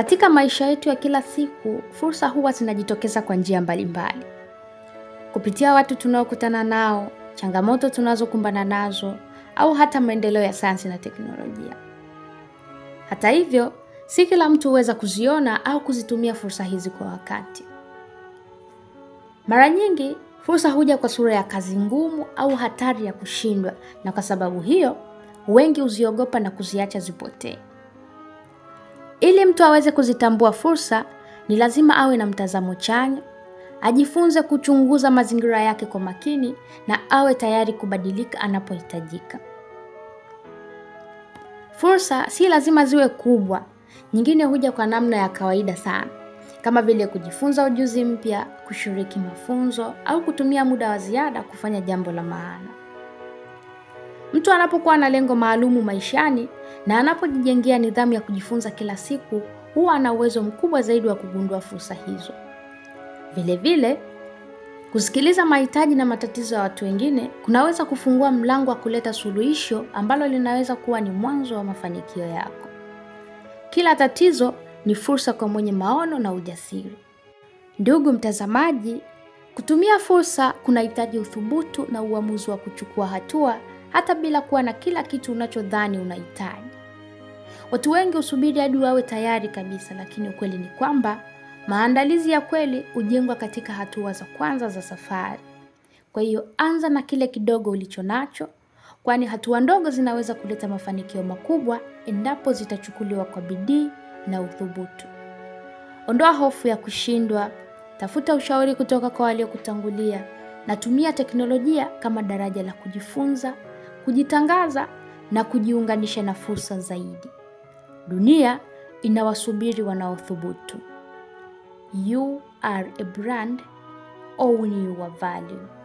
Katika maisha yetu ya kila siku, fursa huwa zinajitokeza kwa njia mbalimbali, kupitia watu tunaokutana nao, changamoto tunazokumbana nazo, au hata maendeleo ya sayansi na teknolojia. Hata hivyo, si kila mtu huweza kuziona au kuzitumia fursa hizi kwa wakati. Mara nyingi fursa huja kwa sura ya kazi ngumu au hatari ya kushindwa, na kwa sababu hiyo wengi huziogopa na kuziacha zipotee. Ili mtu aweze kuzitambua fursa, ni lazima awe na mtazamo chanya, ajifunze kuchunguza mazingira yake kwa makini na awe tayari kubadilika anapohitajika. Fursa si lazima ziwe kubwa, nyingine huja kwa namna ya kawaida sana, kama vile kujifunza ujuzi mpya, kushiriki mafunzo au kutumia muda wa ziada kufanya jambo la maana. Mtu anapokuwa na lengo maalumu maishani na anapojijengea nidhamu ya kujifunza kila siku, huwa ana uwezo mkubwa zaidi wa kugundua fursa hizo. vile vile kusikiliza mahitaji na matatizo ya watu wengine kunaweza kufungua mlango wa kuleta suluhisho ambalo linaweza kuwa ni mwanzo wa mafanikio yako. Kila tatizo ni fursa kwa mwenye maono na ujasiri. Ndugu mtazamaji, kutumia fursa kunahitaji uthubutu na uamuzi wa kuchukua hatua hata bila kuwa na kila kitu unachodhani unahitaji. Watu wengi husubiri hadi wawe tayari kabisa, lakini ukweli ni kwamba maandalizi ya kweli hujengwa katika hatua za kwanza za safari. Kwa hiyo anza na kile kidogo ulicho nacho, kwani hatua ndogo zinaweza kuleta mafanikio makubwa endapo zitachukuliwa kwa bidii na uthubutu. Ondoa hofu ya kushindwa, tafuta ushauri kutoka kwa waliokutangulia, na tumia teknolojia kama daraja la kujifunza kujitangaza na kujiunganisha na fursa zaidi. Dunia inawasubiri wanaothubutu. You are a brand, own your value.